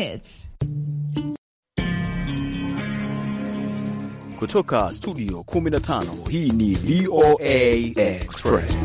Hits. Kutoka studio 15 hii ni VOA Express.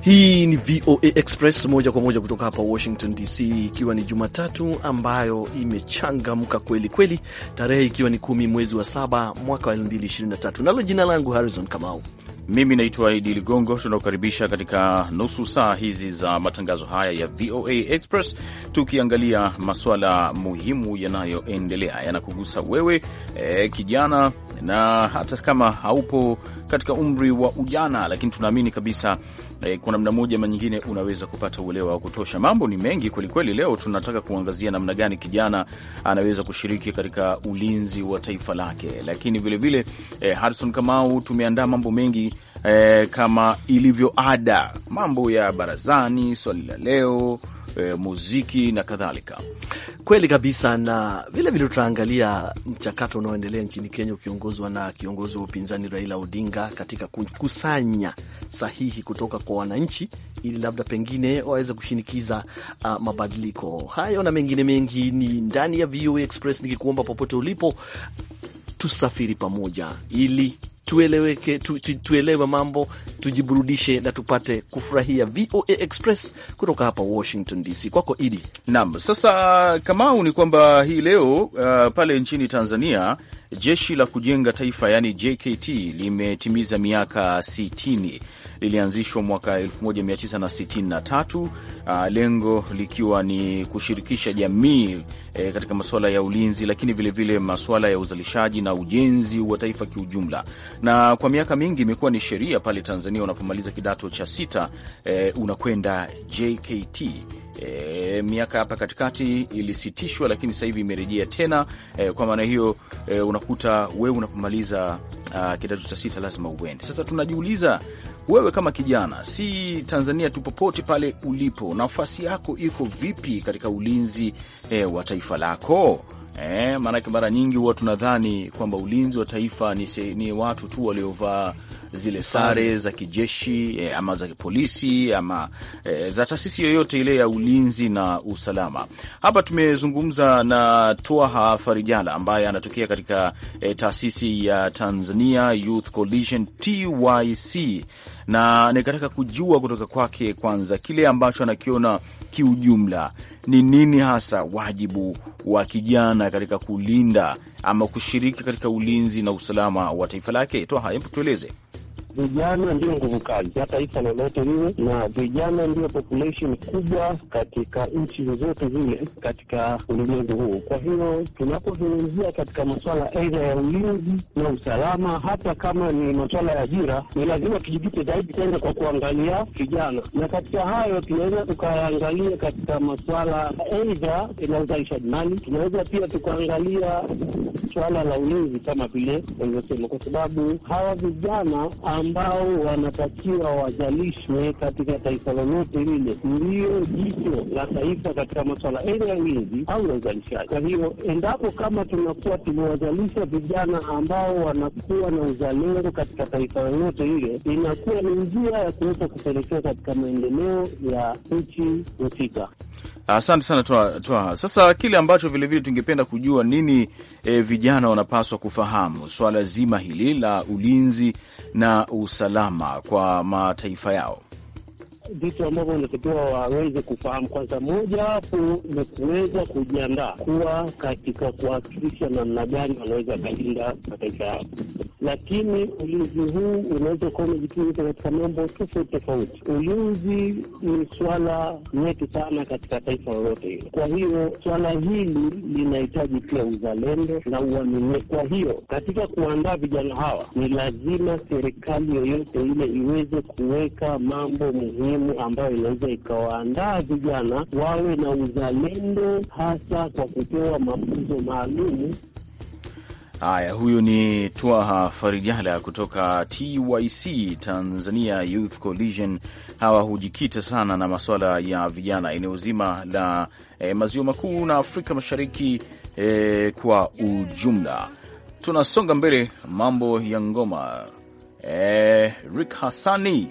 Hii ni VOA Express moja kwa moja kutoka hapa Washington DC, ikiwa ni Jumatatu ambayo imechangamka kweli kweli, tarehe ikiwa ni kumi mwezi wa saba mwaka wa 2023, nalo jina langu Harrison Kamau. Mimi naitwa Idi Ligongo. Tunakukaribisha katika nusu saa hizi za matangazo haya ya VOA Express, tukiangalia masuala muhimu yanayoendelea yanakugusa wewe e, kijana, na hata kama haupo katika umri wa ujana, lakini tunaamini kabisa eh, kwa namna moja ama nyingine unaweza kupata uelewa wa kutosha. Mambo ni mengi kwelikweli. Leo tunataka kuangazia namna gani kijana anaweza kushiriki katika ulinzi wa taifa lake, lakini vilevile eh, Harison Kamau, tumeandaa mambo mengi eh, kama ilivyo ada, mambo ya barazani, swali la leo Eh, muziki na kadhalika. Kweli kabisa, na vilevile tutaangalia mchakato unaoendelea nchini Kenya ukiongozwa na kiongozi wa upinzani Raila Odinga katika kukusanya sahihi kutoka kwa wananchi ili labda pengine waweze kushinikiza uh, mabadiliko hayo na mengine mengi. Ni ndani ya VOA Express, nikikuomba popote ulipo tusafiri pamoja ili tueleweke tu, tu, tuelewe mambo, tujiburudishe na tupate kufurahia VOA Express kutoka hapa Washington DC. Kwako Idi. Naam, sasa Kamau, ni kwamba hii leo uh, pale nchini Tanzania jeshi la kujenga taifa, yani JKT limetimiza miaka sitini lilianzishwa mwaka 1963 uh, lengo likiwa ni kushirikisha jamii eh, katika masuala ya ulinzi, lakini vilevile masuala ya uzalishaji na ujenzi wa taifa kiujumla. Na kwa miaka mingi imekuwa ni sheria pale Tanzania, unapomaliza kidato cha sita eh, unakwenda JKT. E, eh, miaka hapa katikati ilisitishwa, lakini sasa hivi imerejea tena. E, kwa maana hiyo e, unakuta wewe unapomaliza uh, kidato cha sita lazima uende. Sasa tunajiuliza wewe kama kijana, si Tanzania tu, popote pale ulipo, nafasi yako iko vipi katika ulinzi eh, wa taifa lako? Eh, maanake mara nyingi huwa tunadhani kwamba ulinzi wa taifa ni, se, ni watu tu waliovaa zile sare za kijeshi eh, ama za polisi ama eh, za taasisi yoyote ile ya ulinzi na usalama. Hapa tumezungumza na Twaha Farijala ambaye anatokea katika eh, taasisi ya Tanzania Youth Coalition TYC, na nikataka kujua kutoka kwake kwanza kile ambacho anakiona kiujumla, ni nini hasa wajibu wa kijana katika kulinda ama kushiriki katika ulinzi na usalama wa taifa lake? Toa haya, tueleze vijana ndio nguvu kazi ya taifa lolote lile na vijana ndio population kubwa katika nchi zozote zile katika ulimwengu huu. Kwa hiyo tunapozungumzia katika masuala aidha ya ulinzi na usalama, hata kama ni masuala ya ajira, ni lazima tujikite zaidi tena kwa kuangalia vijana, na katika hayo tunaweza tukaangalia katika masuala aidha na uzalishaji mali, tunaweza pia tukaangalia swala la ulinzi kama vile walivyosema, kwa sababu hawa vijana ambao wanatakiwa wazalishwe katika taifa lolote lile, ndiyo jicho la taifa katika maswala aidha ya ulinzi au ya uzalishaji. Kwa hiyo, endapo kama tunakuwa tumewazalisha vijana ambao wanakuwa na uzalendo katika taifa lolote lile, inakuwa ni njia ya kuweza kupelekea katika maendeleo ya nchi husika. Asante sana twa, twa. Sasa kile ambacho vilevile tungependa kujua nini, e, vijana wanapaswa kufahamu swala zima hili la ulinzi na usalama kwa mataifa yao vitu ambavyo wanatakiwa waweze kufahamu. Kwanza, moja wapo ni kuweza kujiandaa kuwa katika kuhakikisha namna gani wanaweza kalinda mataifa yao, lakini ulinzi huu unaweza ukawa umejikita katika mambo tofauti tofauti. Ulinzi ni swala nyeti sana katika taifa lolote. hilo Kwa hiyo swala hili linahitaji pia uzalendo na uaminifu. Kwa hiyo katika kuandaa vijana hawa, ni lazima serikali yoyote ile iweze kuweka mambo muhimu sehemu ambayo inaweza ikawaandaa vijana wawe na uzalendo, hasa kwa kupewa mafunzo maalum. Haya, huyu ni Twaha Farijala kutoka TYC, Tanzania Youth Coalition. Hawa hujikita sana na masuala ya vijana eneo zima la eh, maziwa makuu na Afrika Mashariki eh, kwa ujumla. Tunasonga mbele, mambo ya ngoma eh, Rick Hassani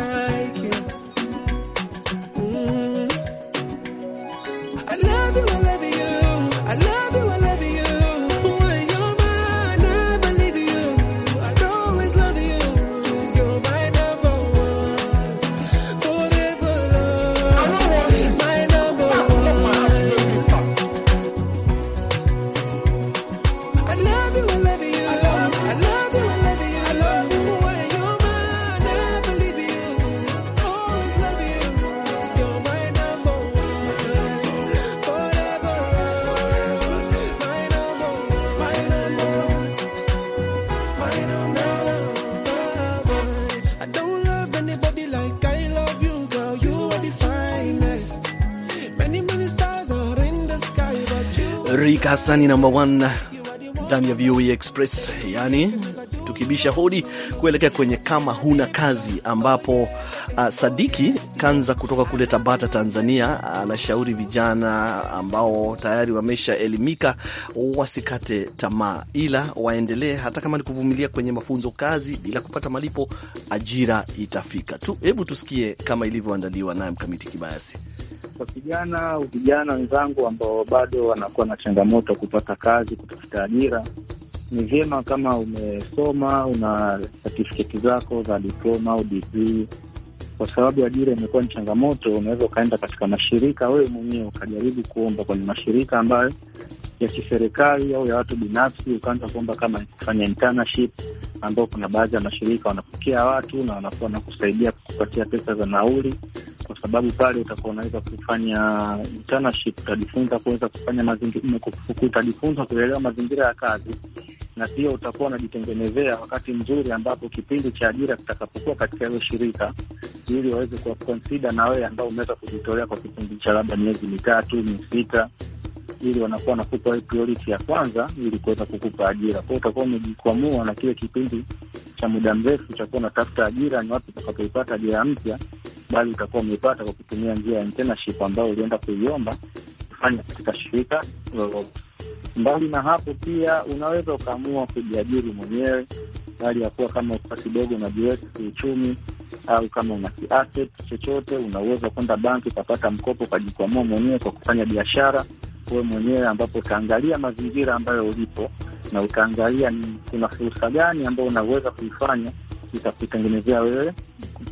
na Sani namba 1 ndani ya VOA e Express, yani kubisha hodi kuelekea kwenye kama huna kazi, ambapo uh, Sadiki Kanza kutoka kule Tabata, Tanzania, anashauri uh, vijana ambao tayari wameshaelimika wasikate tamaa, ila waendelee hata kama ni kuvumilia kwenye mafunzo, kazi bila kupata malipo, ajira itafika tu. Hebu tusikie kama ilivyoandaliwa naye Mkamiti Kibayasi. Kwa vijana vijana wenzangu ambao bado wanakuwa na changamoto kupata kazi, kutafuta ajira ni vyema kama umesoma, una satifiketi zako za diploma au digrii, kwa sababu ajira imekuwa ni changamoto. Unaweza ukaenda katika mashirika wewe mwenyewe ukajaribu kuomba kwenye mashirika ambayo ya kiserikali au ya watu binafsi, ukaanza kuomba kama kufanya internship, ambao kuna baadhi ya mashirika wanapokea watu na wanakuwa na kusaidia kupatia pesa za nauli, kwa sababu pale utakuwa unaweza kufanya internship, utajifunza kuweza kufanya mazingira, utajifunza kuelewa mazingira ya kazi na pia utakuwa unajitengenezea wakati mzuri ambapo kipindi cha ajira kitakapokuwa katika hilo shirika, ili waweze kuwakonsida na wewe ambao umeweza kujitolea kwa kipindi cha labda miezi mitatu misita ili wanakuwa wanakupa priority ya kwanza ili kuweza kukupa ajira. Kwa hiyo utakuwa umejikwamua na kile kipindi cha muda mrefu cha kuwa unatafuta ajira, ni wapi utakapoipata ajira mpya, bali utakuwa umeipata kwa kutumia njia ya internship ambayo ulienda kuiomba kufanya katika shirika lolote. Mbali na hapo, pia unaweza ukaamua kujiajiri mwenyewe, hali ya kuwa kama uko kidogo unajiweka kiuchumi au kama una kiasset chochote, unaweza kwenda banki ukapata mkopo ukajikwamua mwenyewe kwa kufanya biashara wewe mwenyewe, ambapo utaangalia mazingira ambayo ulipo na utaangalia ni kuna fursa gani ambayo unaweza kuifanya itakutengenezea wewe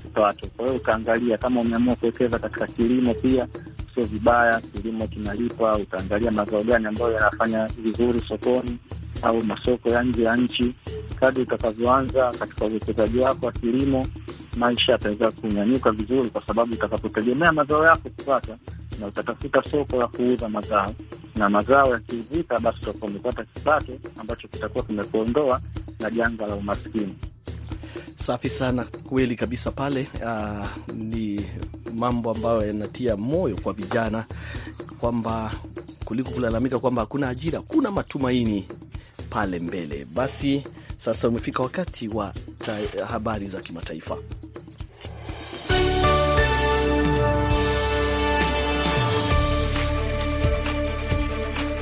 kipato. Kwa hiyo utaangalia kama umeamua kuwekeza katika kilimo, pia sio vibaya, kilimo kinalipa. Utaangalia mazao gani ambayo yanafanya vizuri sokoni au masoko ya nje ya nchi. Kadri utakavyoanza katika uwekezaji wako wa kilimo, maisha yataweza kunyanyuka vizuri, kwa sababu utakapotegemea mazao yako kupata na utatafuta soko la kuuza mazao, na mazao yakiuzika, basi utakuwa umepata kipato ambacho kitakuwa kimekuondoa na janga la umaskini. Safi sana, kweli kabisa pale. Uh, ni mambo ambayo yanatia moyo kwa vijana kwamba kuliko kulalamika kwamba hakuna ajira, kuna matumaini pale mbele. Basi sasa umefika wakati wa habari za kimataifa.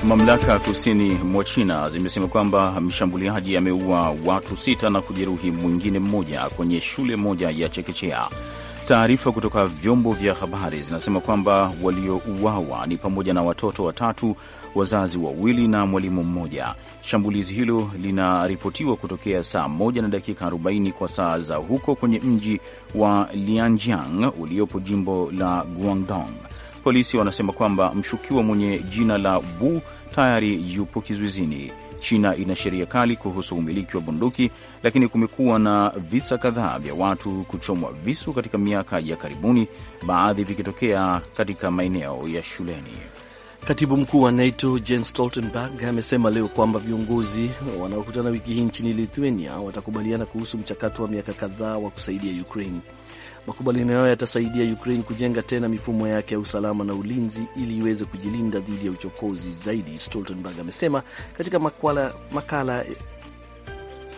Mamlaka kusini mwa China zimesema kwamba mshambuliaji ameua watu sita na kujeruhi mwingine mmoja kwenye shule moja ya chekechea. Taarifa kutoka vyombo vya habari zinasema kwamba waliouawa ni pamoja na watoto watatu, wazazi wawili na mwalimu mmoja. Shambulizi hilo linaripotiwa kutokea saa moja na dakika 40 kwa saa za huko kwenye mji wa Lianjiang uliopo jimbo la Guangdong polisi wanasema kwamba mshukiwa mwenye jina la Bu tayari yupo kizuizini. China ina sheria kali kuhusu umiliki wa bunduki, lakini kumekuwa na visa kadhaa vya watu kuchomwa visu katika miaka ya karibuni, baadhi vikitokea katika maeneo ya shuleni. Katibu mkuu wa NATO Jens Stoltenberg amesema leo kwamba viongozi wanaokutana wiki hii nchini Lithuania watakubaliana kuhusu mchakato wa miaka kadhaa wa kusaidia Ukraine. Makubaliano hayo yatasaidia Ukraine kujenga tena mifumo yake ya usalama na ulinzi ili iweze kujilinda dhidi ya uchokozi zaidi, Stoltenberg amesema katika makwala, makala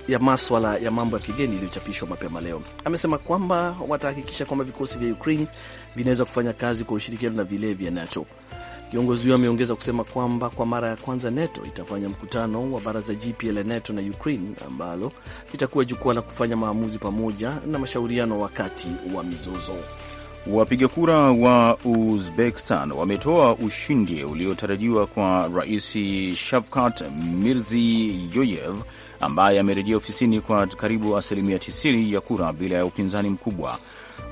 ya maswala ya mambo ya kigeni iliyochapishwa mapema leo. Amesema kwamba watahakikisha kwamba vikosi vya Ukraine vinaweza kufanya kazi kwa ushirikiano na vile vya NATO. Kiongozi huyo ameongeza kusema kwamba kwa mara ya kwanza NATO itafanya mkutano wa baraza jipya la NATO na Ukraine ambalo litakuwa jukwaa la kufanya maamuzi pamoja na mashauriano wakati wa mizozo. Wapiga kura wa Uzbekistan wametoa ushindi uliotarajiwa kwa Rais Shavkat Mirziyoyev ambaye amerejea ofisini kwa karibu asilimia 90 ya kura bila ya upinzani mkubwa.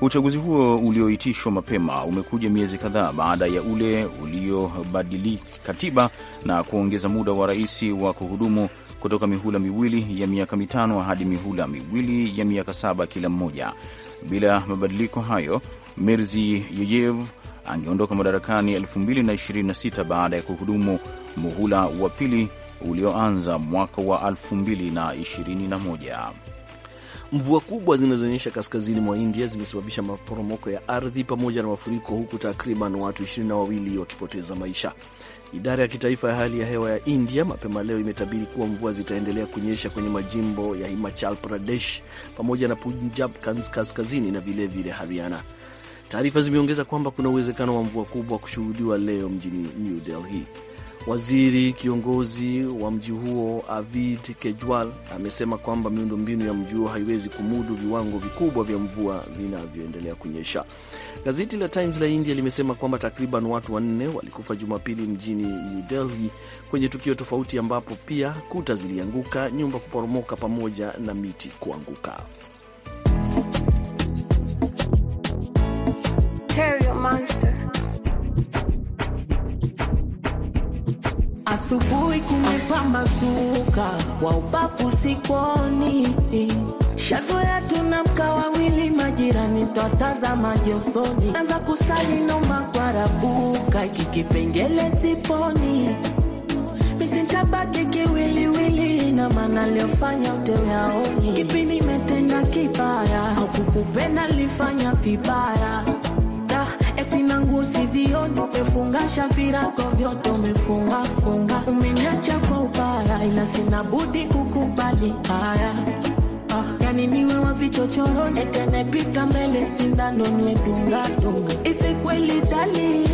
Uchaguzi huo ulioitishwa mapema umekuja miezi kadhaa baada ya ule uliobadili katiba na kuongeza muda wa rais wa kuhudumu kutoka mihula miwili ya miaka mitano hadi mihula miwili ya miaka saba kila mmoja. Bila mabadiliko hayo, Mirzi Yeyev angeondoka madarakani 2026 baada ya kuhudumu muhula wa pili ulioanza mwaka wa 2021. Mvua kubwa zinazonyesha kaskazini mwa India zimesababisha maporomoko ya ardhi pamoja na mafuriko, huku takriban watu ishirini na wawili wakipoteza maisha. Idara ya kitaifa ya hali ya hewa ya India mapema leo imetabiri kuwa mvua zitaendelea kunyesha kwenye majimbo ya Himachal Pradesh pamoja na Punjab kaskazini na vilevile Haryana. Taarifa zimeongeza kwamba kuna uwezekano wa mvua kubwa kushuhudiwa leo mjini New Delhi. Waziri kiongozi wa mji huo Avid Kejwal amesema kwamba miundo mbinu ya mji huo haiwezi kumudu viwango vikubwa vya mvua vinavyoendelea kunyesha. Gazeti la Times la India limesema kwamba takriban watu wanne walikufa Jumapili mjini New Delhi kwenye tukio tofauti, ambapo pia kuta zilianguka, nyumba kuporomoka, pamoja na miti kuanguka. Monster. Asubuhi kumepa masuka wa upapu sikoni shazo ya tunamka wawili majirani twatazama josoni anza kusali noma rabuka, kikipengele siponi misintabaki kiwiliwili na mana liofanya uteweaoni kipi nimetenda kibaya au kukupenda lifanya vibaya Mungu sizioni, umefunga shafi lako vyote umefunga funga, umeniacha kwa upara, ina sina budi kukubali haya ah, Yani niwe wa vichochoro netenepika mbele sindano niwe dunga dunga, ife kweli dali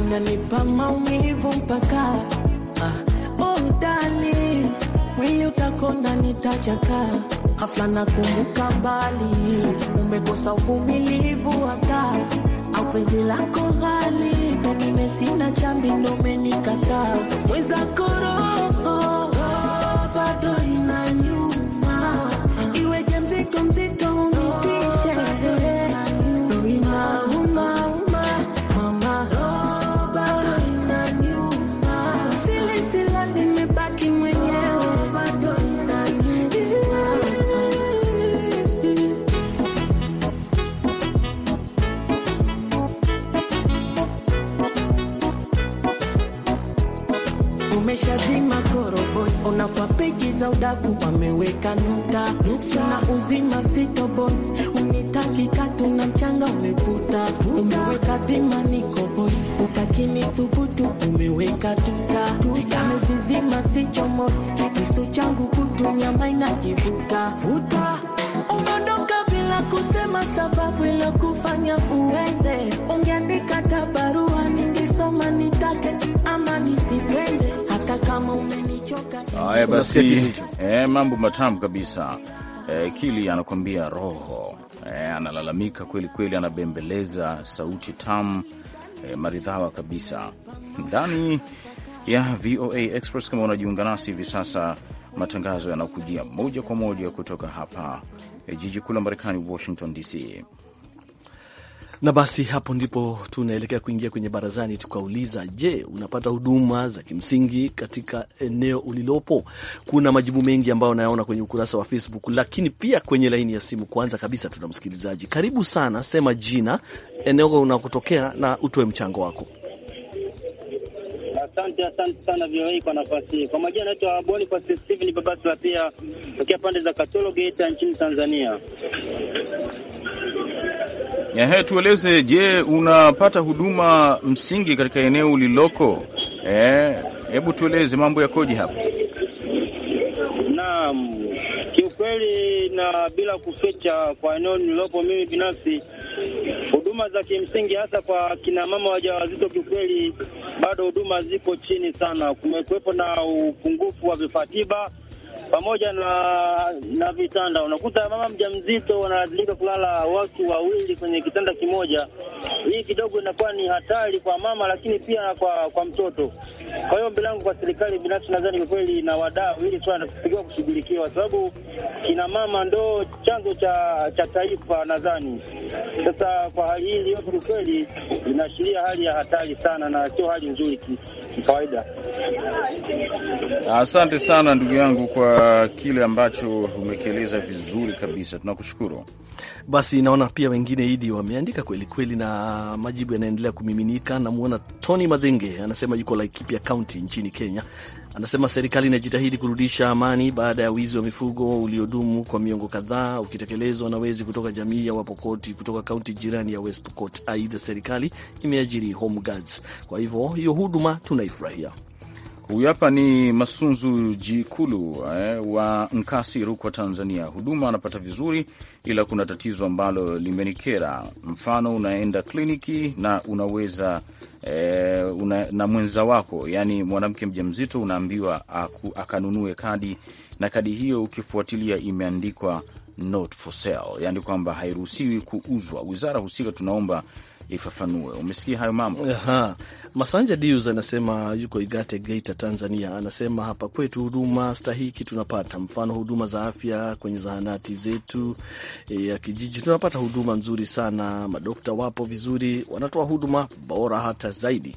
unanipa maumivu mpaka ah. Oh dali mwili utakonda nitachaka hafla, nakumbuka mbali, umekosa uvumilivu hata penzi lako ghali na nimesina chambi ndo umenikataa mwezako roho za udaku wameweka nukta, na uzima sitoboi, katu na mchanga umeputa, umeweka dhima boy utakini thubutu umeweka tuta, amezizima sichomoi, kisu changu kutunyama inakivuta vuta, umeondoka bila kusema sababu ilokufanya uende, ungeandika tabarua ningisoma nitake ama nisipende hata kama umenichoka. Haya basi, eh, mambo matamu kabisa. Eh, Kili anakuambia roho eh, analalamika kweli kweli, anabembeleza sauti tamu eh, maridhawa kabisa ndani ya VOA Express. Kama unajiunga nasi hivi sasa, matangazo yanakujia moja kwa moja kutoka hapa eh, jiji kuu la Marekani, Washington DC. Na basi hapo ndipo tunaelekea kuingia kwenye barazani, tukauliza, je, unapata huduma za kimsingi katika eneo ulilopo? Kuna majibu mengi ambayo nayaona kwenye ukurasa wa Facebook, lakini pia kwenye laini ya simu. Kwanza kabisa tuna msikilizaji. Karibu sana, sema jina, eneo unakotokea na utoe mchango wako. Asante, asante sana VOA kwa nafasi hii. Kwa majina anaitwa boni Bonifasi Steven Babasla, pia tokea pande za katolo Geita nchini Tanzania. Ehe, tueleze, je, unapata huduma msingi katika eneo uliloko? Eh, hebu tueleze mambo yakoje hapa? Naam, kiukweli na bila kuficha, kwa eneo nililopo mimi binafsi, huduma za kimsingi hasa kwa kina mama wajawazito, kiukweli bado huduma ziko chini sana. Kumekuwepo na upungufu wa vifaa tiba pamoja na na vitanda. Unakuta mama mjamzito wanalazimika kulala watu wawili kwenye kitanda kimoja. Hii kidogo inakuwa ni hatari kwa mama, lakini pia kwa kwa mtoto. Kwa hiyo mbele kwa serikali binafsi, nadhani kwa kweli na wadau, ili swala linatakiwa kushughulikiwa, kwa sababu kina mama ndo chanzo cha cha taifa. Nadhani sasa kwa hali hii iliyopo, kwa kweli inaashiria hali ya hatari sana, na sio hali nzuri kikawaida. Asante sana ndugu yangu kwa Uh, kile ambacho umekieleza vizuri kabisa, tunakushukuru. Basi naona pia wengine idi wameandika kweli kweli, na majibu yanaendelea kumiminika. Namwona Tony Madhenge anasema yuko Laikipia Kaunti nchini Kenya. Anasema serikali inajitahidi kurudisha amani baada ya wizi wa mifugo uliodumu kwa miongo kadhaa ukitekelezwa na wezi kutoka jamii ya Wapokoti kutoka kaunti jirani ya West Pokot. Aidha, serikali imeajiri home guards, kwa hivyo hiyo huduma tunaifurahia. Huyu hapa ni Masunzu Jikulu eh, wa Nkasi, Rukwa, Tanzania. Huduma anapata vizuri, ila kuna tatizo ambalo limenikera. Mfano, unaenda kliniki na unaweza eh, una, na mwenza wako, yaani mwanamke mjamzito, unaambiwa akanunue kadi, na kadi hiyo ukifuatilia imeandikwa not for sale, yaani kwamba hairuhusiwi kuuzwa. Wizara husika tunaomba ifafanue. Umesikia hayo mambo. Aha. Masanja Dius anasema yuko Igate, Geita, Tanzania. Anasema hapa kwetu huduma stahiki tunapata, mfano huduma za afya kwenye zahanati zetu eh, ya kijiji tunapata huduma nzuri sana, madokta wapo vizuri, wanatoa huduma bora hata zaidi.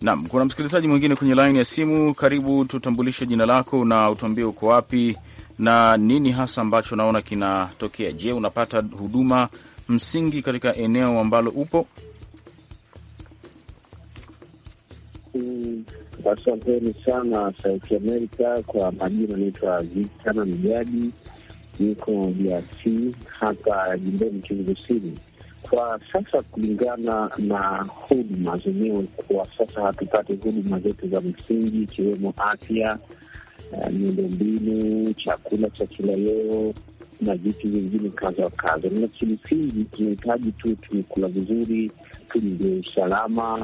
Naam, kuna msikilizaji mwingine kwenye laini ya simu. Karibu, tutambulishe jina lako na utuambie uko wapi na nini hasa ambacho unaona kinatokea. Je, unapata huduma msingi katika eneo ambalo upo? Mm, asanteni sana Sauti Amerika. Kwa majina naitwa Vitana Mijaji, niko DRC hapa jimboni Kivu Kusini. Kwa sasa kulingana na huduma zenyewe, kwa sasa hatupate huduma zetu za msingi ikiwemo afya, eh, miundombinu, chakula cha kila leo na vitu vingine kaza wa kadha. Na kimsingi tunahitaji tu tumekula vizuri, tujie usalama,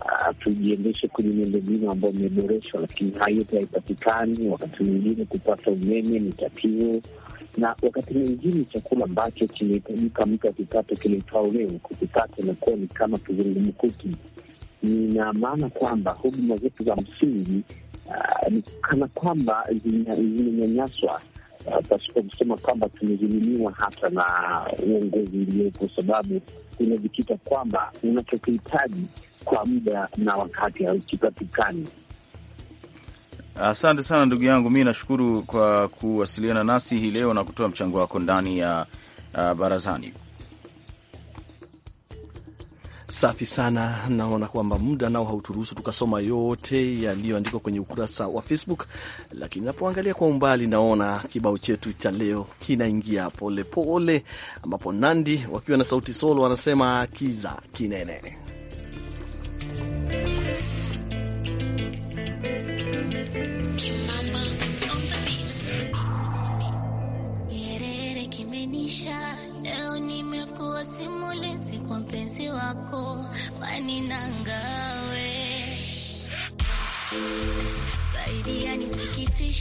uh, ah, tujiendeshe kwenye miundombinu ambayo imeboreshwa, lakini hayo yote haipatikani. Wakati mwingine kupata umeme ni tatizo, na wakati mwingine chakula ambacho kinahitajika mtu akipata kinaitwao leo kukipata inakuwa ni kama kizungumkuti. Nina maana kwamba huduma zetu za msingi uh, ni kana kwamba zimenyanyaswa Ah, pasipo kusema kwamba tumedhulumiwa hata na uongozi uliopo, sababu unajikita kwamba unachokihitaji kwa muda na wakati haukipatikani. Asante sana ndugu yangu, mi nashukuru kwa kuwasiliana nasi hii leo na kutoa mchango wako ndani ya uh, barazani. Safi sana. Naona kwamba muda nao hauturuhusu tukasoma yote yaliyoandikwa kwenye ukurasa wa Facebook, lakini napoangalia kwa umbali, naona kibao chetu cha leo kinaingia polepole, ambapo Nandi wakiwa na sauti solo wanasema kiza kinene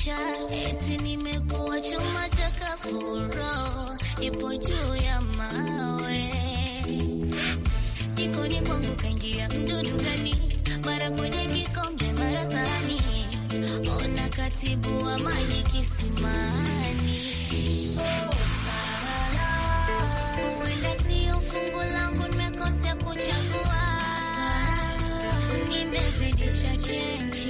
maisha eti nimekuwa chuma cha kafuro, ipo juu ya mawe, jikoni kwangu kaingia mdudu gani? Mara kwenye kikombe, mara sahani, ona katibu wa maji kisimani. Oh, sio fungu langu, nimekosea kuchagua, nimezidisha cheni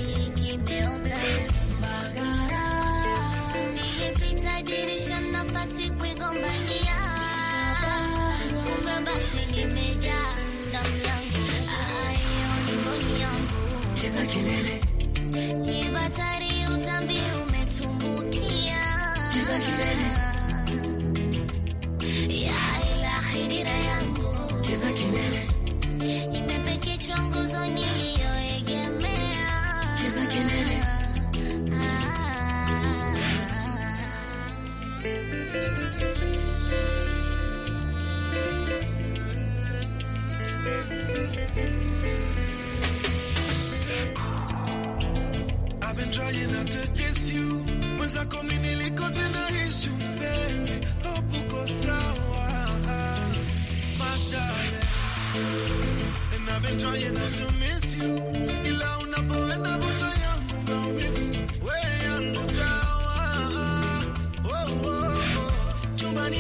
Oh, oh, oh.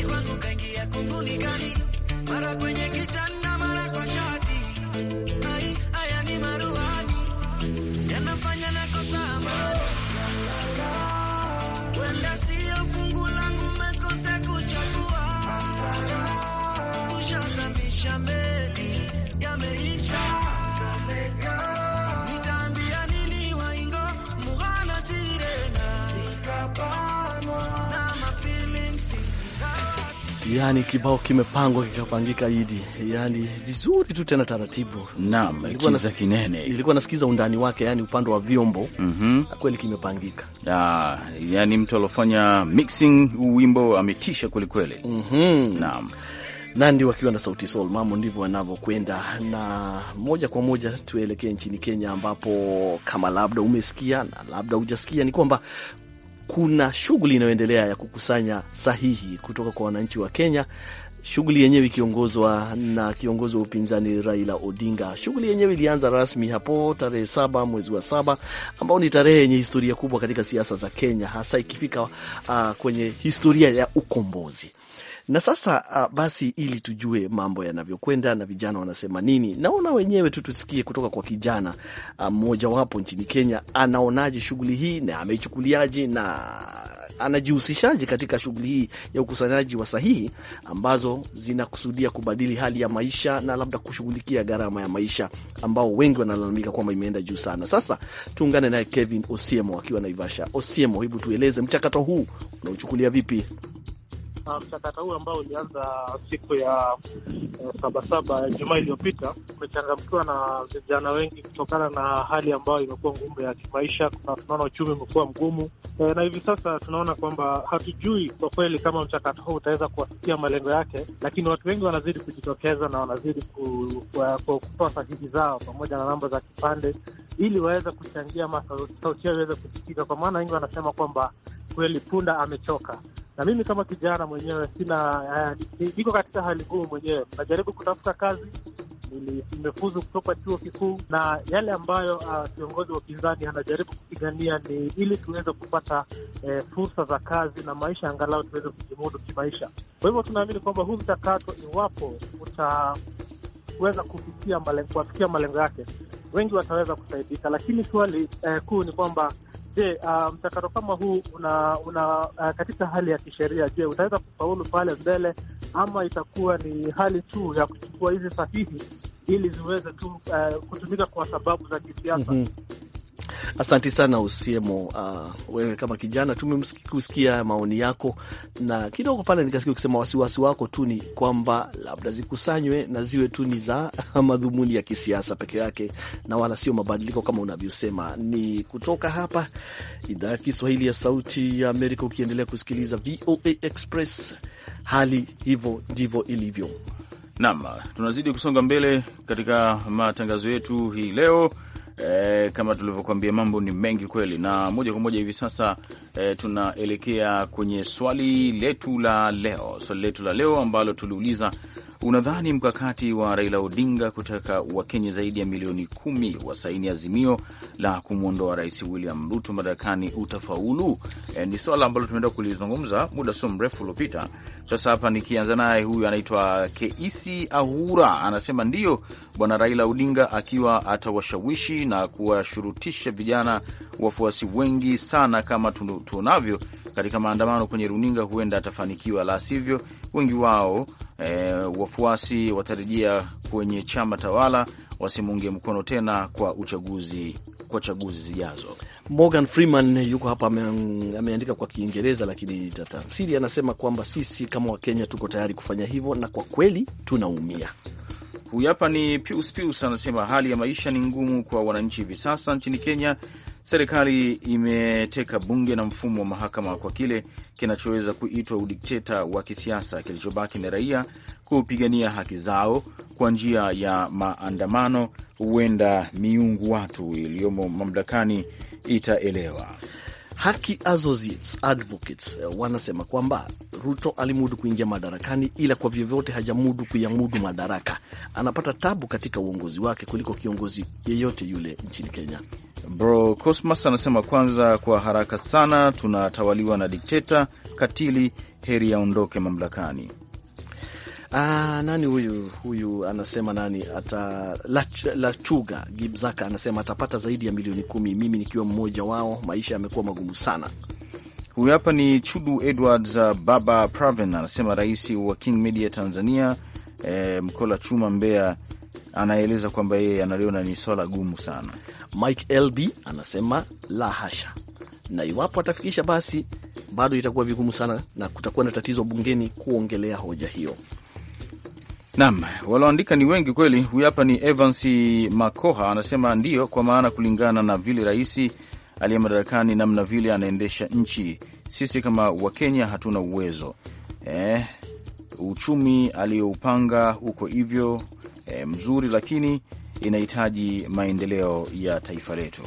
kwangu kaingia kunguni gani, mara kwenye kitanda, mara kwa shati Yani kibao kimepangwa kikapangika, Idi, yani vizuri tu tena taratibu. Naam, kiza kinene, ilikuwa nasikiza undani wake, yani upande wa vyombo mm -hmm. Kweli kimepangika. ya, yani mtu alofanya mixing wimbo ametisha kwelikweli. kweli. mm -hmm. Naam. Nandi wakiwa na Sauti Sol, mambo ndivyo wanavyokwenda. Na moja kwa moja tuelekee nchini Kenya, ambapo kama labda umesikia na labda hujasikia, ni kwamba kuna shughuli inayoendelea ya kukusanya sahihi kutoka kwa wananchi wa Kenya, shughuli yenyewe ikiongozwa na kiongozi wa upinzani Raila Odinga. Shughuli yenyewe ilianza rasmi hapo tarehe saba mwezi wa saba ambao ni tarehe yenye historia kubwa katika siasa za Kenya, hasa ikifika uh, kwenye historia ya ukombozi. Na sasa uh, basi ili tujue mambo yanavyokwenda na vijana wanasema nini, naona wenyewe tu tusikie kutoka kwa kijana ah, mmojawapo uh, nchini Kenya, anaonaje shughuli hii na ameichukuliaje na anajihusishaje katika shughuli hii ya ukusanyaji wa sahihi ambazo zinakusudia kubadili hali ya maisha na labda kushughulikia gharama ya maisha ambao wengi wanalalamika kwamba imeenda juu sana. Sasa tuungane naye Kevin Osiemo akiwa Naivasha. Osiemo, hebu tueleze mchakato huu unauchukulia vipi? Ah, mchakato huu ambao ulianza siku ya sabasaba eh, ya Jumaa iliyopita umechangamkiwa na vijana wengi kutokana na hali ambayo imekuwa ngumu ya kimaisha, na tunaona uchumi umekuwa mgumu e, na hivi sasa tunaona kwamba hatujui kwa kweli kama mchakato huu utaweza kuwafikia malengo yake, lakini watu wengi wanazidi kujitokeza na wanazidi kutoa sahihi zao pamoja na namba za kipande ili waweze kuchangia ama sauti yao iweze kusikika, kwa maana wengi wanasema kwamba kweli punda amechoka na mimi kama kijana mwenyewe sina uh, niko katika hali ngumu mwenyewe, najaribu kutafuta kazi nimefuzu kutoka chuo kikuu na yale ambayo uh, kiongozi wa upinzani anajaribu kupigania ni ili tuweze kupata eh, fursa za kazi na maisha, angalau tuweze kujimudu kimaisha. Kwa hivyo tunaamini kwamba huu mchakato, iwapo utaweza kufikia malengo, kuwafikia malengo yake, wengi wataweza kusaidika, lakini swali eh, kuu ni kwamba Je, uh, mchakato kama huu una, una uh, katika hali ya kisheria, je, utaweza kufaulu pale mbele ama itakuwa ni hali tu ya kuchukua hizi sahihi ili ziweze tu uh, kutumika kwa sababu za kisiasa? mm -hmm. Asanti sana Usiemo. Uh, wewe kama kijana tumekusikia maoni yako, na kidogo pale nikasikia ukisema wasiwasi wako tu ni kwamba labda zikusanywe na ziwe tu ni za madhumuni ya kisiasa peke yake na wala sio mabadiliko kama unavyosema. Ni kutoka hapa idhaa ya Kiswahili ya Sauti ya Amerika, ukiendelea kusikiliza VOA Express. Hali hivyo ndivyo ilivyo. Naam, tunazidi kusonga mbele katika matangazo yetu hii leo e, kama tulivyokuambia mambo ni mengi kweli, na moja kwa moja hivi sasa e, tunaelekea kwenye swali letu la leo. Swali letu la leo ambalo tuliuliza Unadhani mkakati wa Raila Odinga kutaka Wakenya zaidi ya milioni kumi wasaini azimio la kumwondoa Rais William Ruto madarakani utafaulu? E, ni swala ambalo tumeenda kulizungumza muda sio mrefu uliopita. Sasa hapa nikianza naye, huyu anaitwa Keisi Ahura, anasema ndiyo, bwana Raila Odinga akiwa atawashawishi na kuwashurutisha vijana wafuasi wengi sana kama tunavyo katika maandamano kwenye runinga, huenda atafanikiwa, la sivyo wengi wao e, wafuasi watarejea kwenye chama tawala wasimuunge mkono tena kwa uchaguzi kwa chaguzi zijazo. Morgan Freeman yuko hapa ameandika kwa Kiingereza, lakini tatafsiri anasema kwamba sisi kama Wakenya tuko tayari kufanya hivyo, na kwa kweli tunaumia. Huyu hapa ni Pius Pius anasema hali ya maisha ni ngumu kwa wananchi hivi sasa nchini Kenya Serikali imeteka bunge na mfumo wa mahakama kwa kile kinachoweza kuitwa udikteta wa kisiasa. Kilichobaki ni raia kupigania haki zao kwa njia ya maandamano. Huenda miungu watu iliyomo mamlakani itaelewa. Haki Associates Advocates eh, wanasema kwamba Ruto alimudu kuingia madarakani, ila kwa vyovyote hajamudu kuyamudu madaraka. Anapata tabu katika uongozi wake kuliko kiongozi yeyote yule nchini Kenya. Bro Cosmas anasema kwanza, kwa haraka sana tunatawaliwa na dikteta katili, heri yaondoke mamlakani. Ah, nani huyu huyu anasema nani ata Lachuga Gibzaka anasema atapata zaidi ya milioni kumi, mimi nikiwa mmoja wao. Maisha yamekuwa magumu sana. Huyu hapa ni Chudu Edwards Baba Praven anasema rais wa King Media Tanzania, eh, Mkola Chuma Mbeya anaeleza kwamba yeye analiona ni swala gumu sana. Mike LB anasema la hasha, na iwapo atafikisha basi bado itakuwa vigumu sana na kutakuwa na tatizo bungeni kuongelea hoja hiyo. Naam, walioandika ni wengi kweli. Huyu hapa ni Evans Makoha anasema ndiyo, kwa maana kulingana na vile rais aliye madarakani, namna vile anaendesha nchi, sisi kama Wakenya hatuna uwezo eh, uchumi aliyoupanga huko hivyo e, mzuri, lakini inahitaji maendeleo ya taifa letu.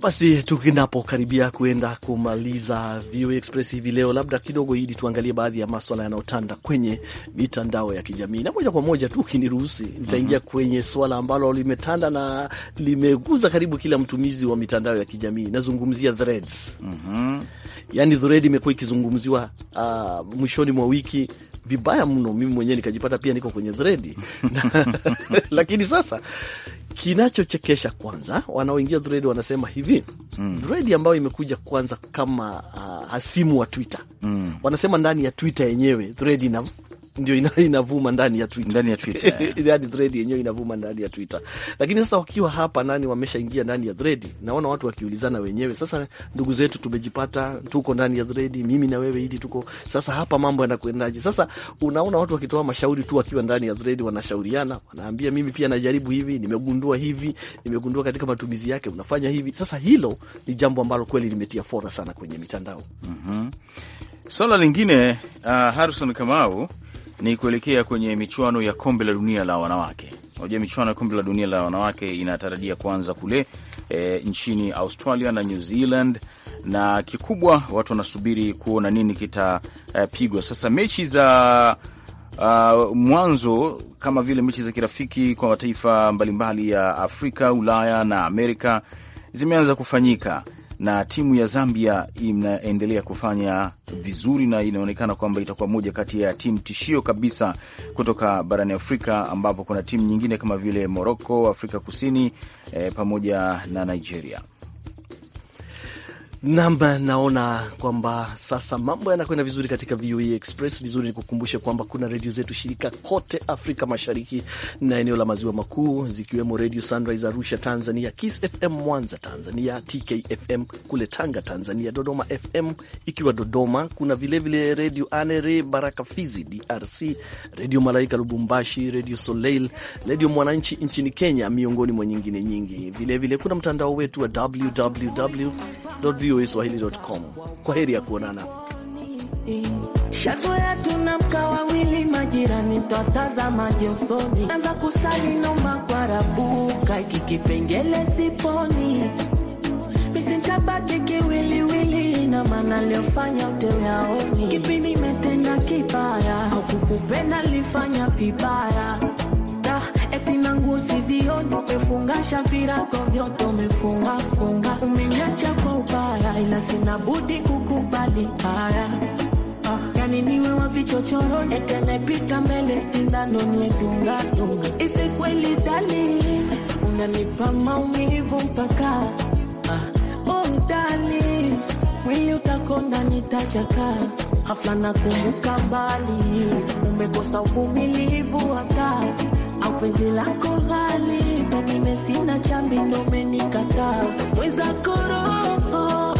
Basi tukinapokaribia kuenda kumaliza VOA Express hivi leo, labda kidogo ili tuangalie baadhi ya maswala yanayotanda kwenye mitandao ya kijamii, na moja kwa moja tu ukiniruhusi, nitaingia mhm. kwenye swala ambalo limetanda na limeguza karibu kila mtumizi wa mitandao ya kijamii. Nazungumzia Threads. mm -hmm. Yani Thread imekuwa ikizungumziwa uh, mwishoni mwa wiki vibaya mno, mimi mwenyewe nikajipata pia niko kwenye thredi lakini sasa kinachochekesha kwanza, wanaoingia thread wanasema hivi mm. thread ambayo imekuja kwanza kama uh, hasimu wa Twitter mm. wanasema ndani ya Twitter yenyewe thread ndio inavuma ndani ya Twitter, ndani ya Twitter yani thread yenyewe inavuma ndani ya Twitter. Lakini sasa wakiwa hapa nani wameshaingia ndani ya thread, naona watu wakiulizana wenyewe. Sasa ndugu zetu tumejipata, tuko ndani ya thread, mimi na wewe hili tuko sasa hapa, mambo yanakwendaje? Sasa unaona watu wakitoa mashauri tu wakiwa ndani ya thread, wanashauriana, wanaambia mimi pia najaribu hivi, nimegundua hivi, nimegundua katika matumizi yake unafanya hivi. Sasa hilo ni jambo ambalo kweli limetia fora sana kwenye mitandao. mm -hmm. Swala lingine uh, Harrison Kamau ni kuelekea kwenye michuano ya kombe la dunia la wanawake. Unajua, michuano ya kombe la dunia la wanawake inatarajia kuanza kule e, nchini Australia na New Zealand, na kikubwa watu wanasubiri kuona nini kitapigwa. E, sasa mechi za Uh, mwanzo kama vile mechi za kirafiki kwa mataifa mbalimbali ya Afrika, Ulaya na Amerika zimeanza kufanyika na timu ya Zambia inaendelea kufanya vizuri na inaonekana kwamba itakuwa moja kati ya timu tishio kabisa kutoka barani Afrika, ambapo kuna timu nyingine kama vile Moroko, Afrika Kusini eh, pamoja na Nigeria. Namba naona kwamba sasa mambo yanakwenda vizuri katika VOA e Express. Vizuri, ni kukumbusha kwamba kuna redio zetu shirika kote Afrika Mashariki na eneo la maziwa makuu, zikiwemo Redio Sunrise Arusha Tanzania, Kiss FM Mwanza Tanzania, TKFM kule Tanga Tanzania, Dodoma FM ikiwa Dodoma. Kuna vilevile Redio Anere Baraka Fizi DRC, Redio Malaika Lubumbashi, Redio Soleil, Redio Mwananchi nchini Kenya, miongoni mwa nyingine nyingi. Vilevile vile, kuna mtandao wetu wa www VOA Kwa heri ya kuonana. Kesho yetu na mka wawili majirani twatazama josoni, anza kusali noma kwa rabuka ikikipengele siponi misintabati kiwiliwili na maana liofanya uteweaoni kipi nimetenda kibaya au kukupenda lifanya vibaya ta umefungasha virago vyote umefungafunga umenyacha haya na sina budi kukubali haya, ah, yani niwe wa vichochoro etenepita mbele sindano niedunga dunga ife kweli dali unanipa maumivu mpaka ah, dali mwili utakonda nitachaka hafla na kumbuka bali umekosa uvumilivu hata au penzi lako ghali kanime sina chambi ndo umenikataa weza koroho